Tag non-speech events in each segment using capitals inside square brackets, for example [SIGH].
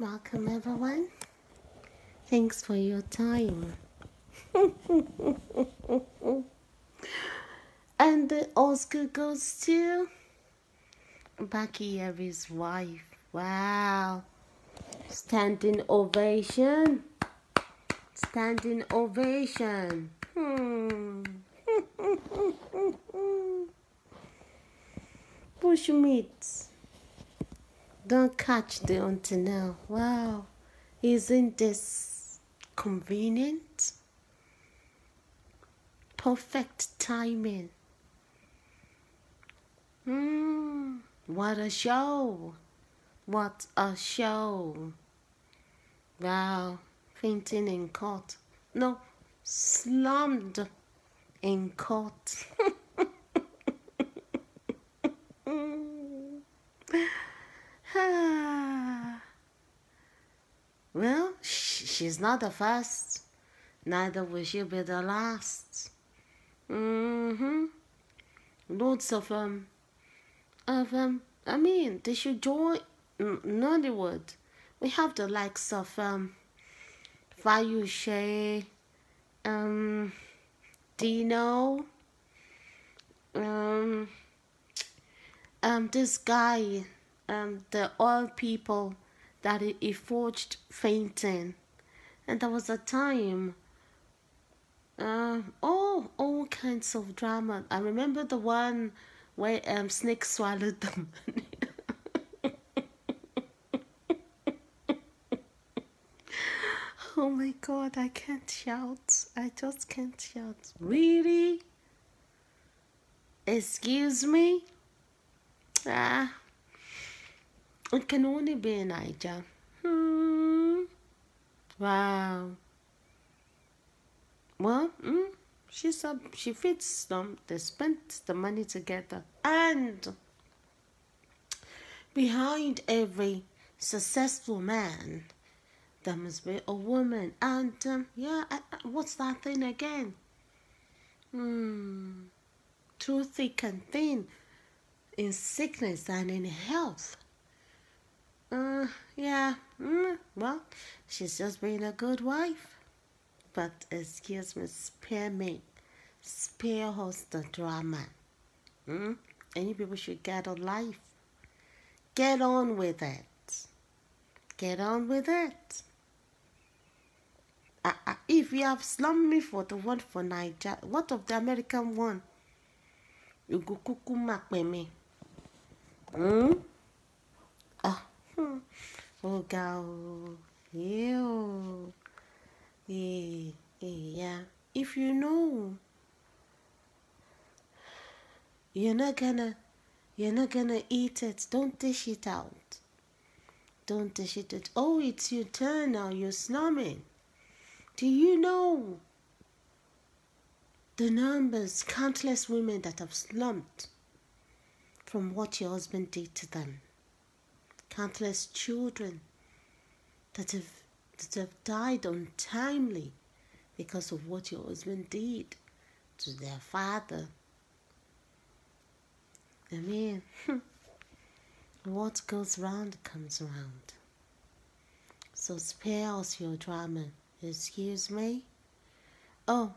Welcome, everyone. Thanks for your time. [LAUGHS] and the Oscar goes to Bucky Harry's wife. Wow. Standing ovation. Standing ovation. Hmm. [LAUGHS] Bush meat. Don't catch the until now. Wow. Isn't this convenient? Perfect timing. Mm, what a show. What a show. Wow. Fainting in court. No, slammed in court. [LAUGHS] she's not the first, neither will she be the last. Mm-hmm. Lots of um, of um, I mean, they should join Nollywood. We have the likes of um, Shay, um, Dino, um, um, this guy, um, the old people that he forged fainting and there was a time uh, all oh, all kinds of drama. I remember the one where um, snake swallowed the money. [LAUGHS] oh my god! I can't shout. I just can't shout. Really? Excuse me. Ah, it can only be an Ija. Hmm. Wow. Well, mm, she's a, she fits them. They spent the money together. And behind every successful man, there must be a woman. And um, yeah, I, I, what's that thing again? Hmm. too thick and thin, in sickness and in health. Uh, yeah. Well, she's just being a good wife. But excuse me, spare me. Spare us the drama. Hmm? people should get a life. Get on with it. Get on with it. Uh, uh, if you have slum me for the one for Niger, what of the American one? You go kuku mak me. Hmm? Ah. Hmm. Oh yo you, yeah if you know you're not gonna you're not gonna eat it don't dish it out don't dish it out oh it's your turn now you're snoring. do you know the numbers countless women that have slumped from what your husband did to them countless children that have, that have died untimely because of what your husband did to their father. I mean, [LAUGHS] what goes round comes round. So spare us your drama. Excuse me? Oh,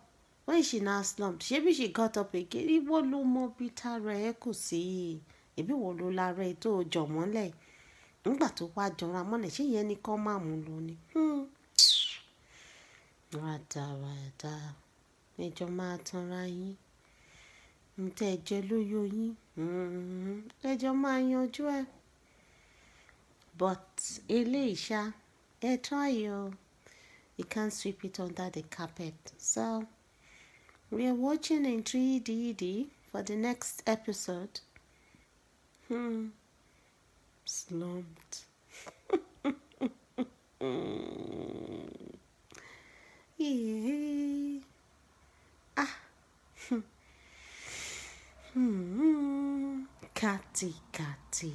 when she now slumped, maybe she got up again. Ìwọ ló no more bitter ẹ kù sí. Ẹbí wo ló lára ẹ nígbà tó wá jọra mọ́lẹ̀ ṣé ìyẹn nìkan máa mú lọ ni. Hmm. rádaràda ẹjọ́ máa tanra yín ntẹ ẹjẹ ló yọ yín hmm. ẹjọ́ máa yanjú ẹ but eléyìí ṣá ẹ try o you can't sweep it under the carpet so we are watching in 3D for the next episode. Hmm slumped. [LAUGHS] yeah. Ah. [LAUGHS] hmm. Kati, kati.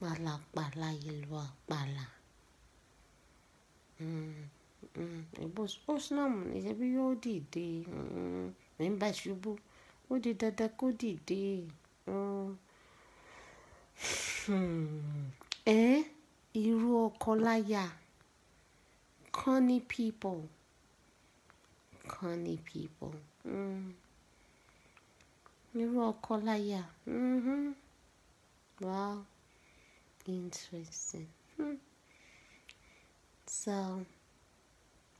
Pala, pala, ìlú àpàlà. Hmm. Hmm. Ó sinamu ní ṣebí yóò dìde. Ní hmm. bá ṣubú, ó di dandan kó dìde. Mm. Hmm. Eh? irú ọkọ láyà people Connie people mm. irú láyà mm-hmm. wow interesting hmm. so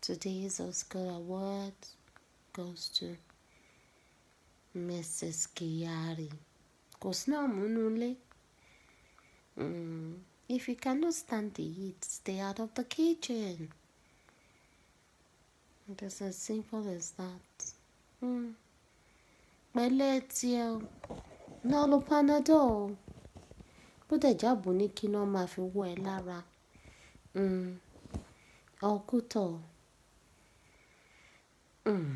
today's Oscar award goes to Mrs. Kiyari. kò Mm. If you cannot stand the heat, stay out of the kitchen. It's as simple as that. Mm. Pẹ̀lẹ́ tiẹ̀ o, náà lo panadol o. Bó dẹ̀ jáàbù ní kí iná máa fi wọ́ ẹ lára. Mm.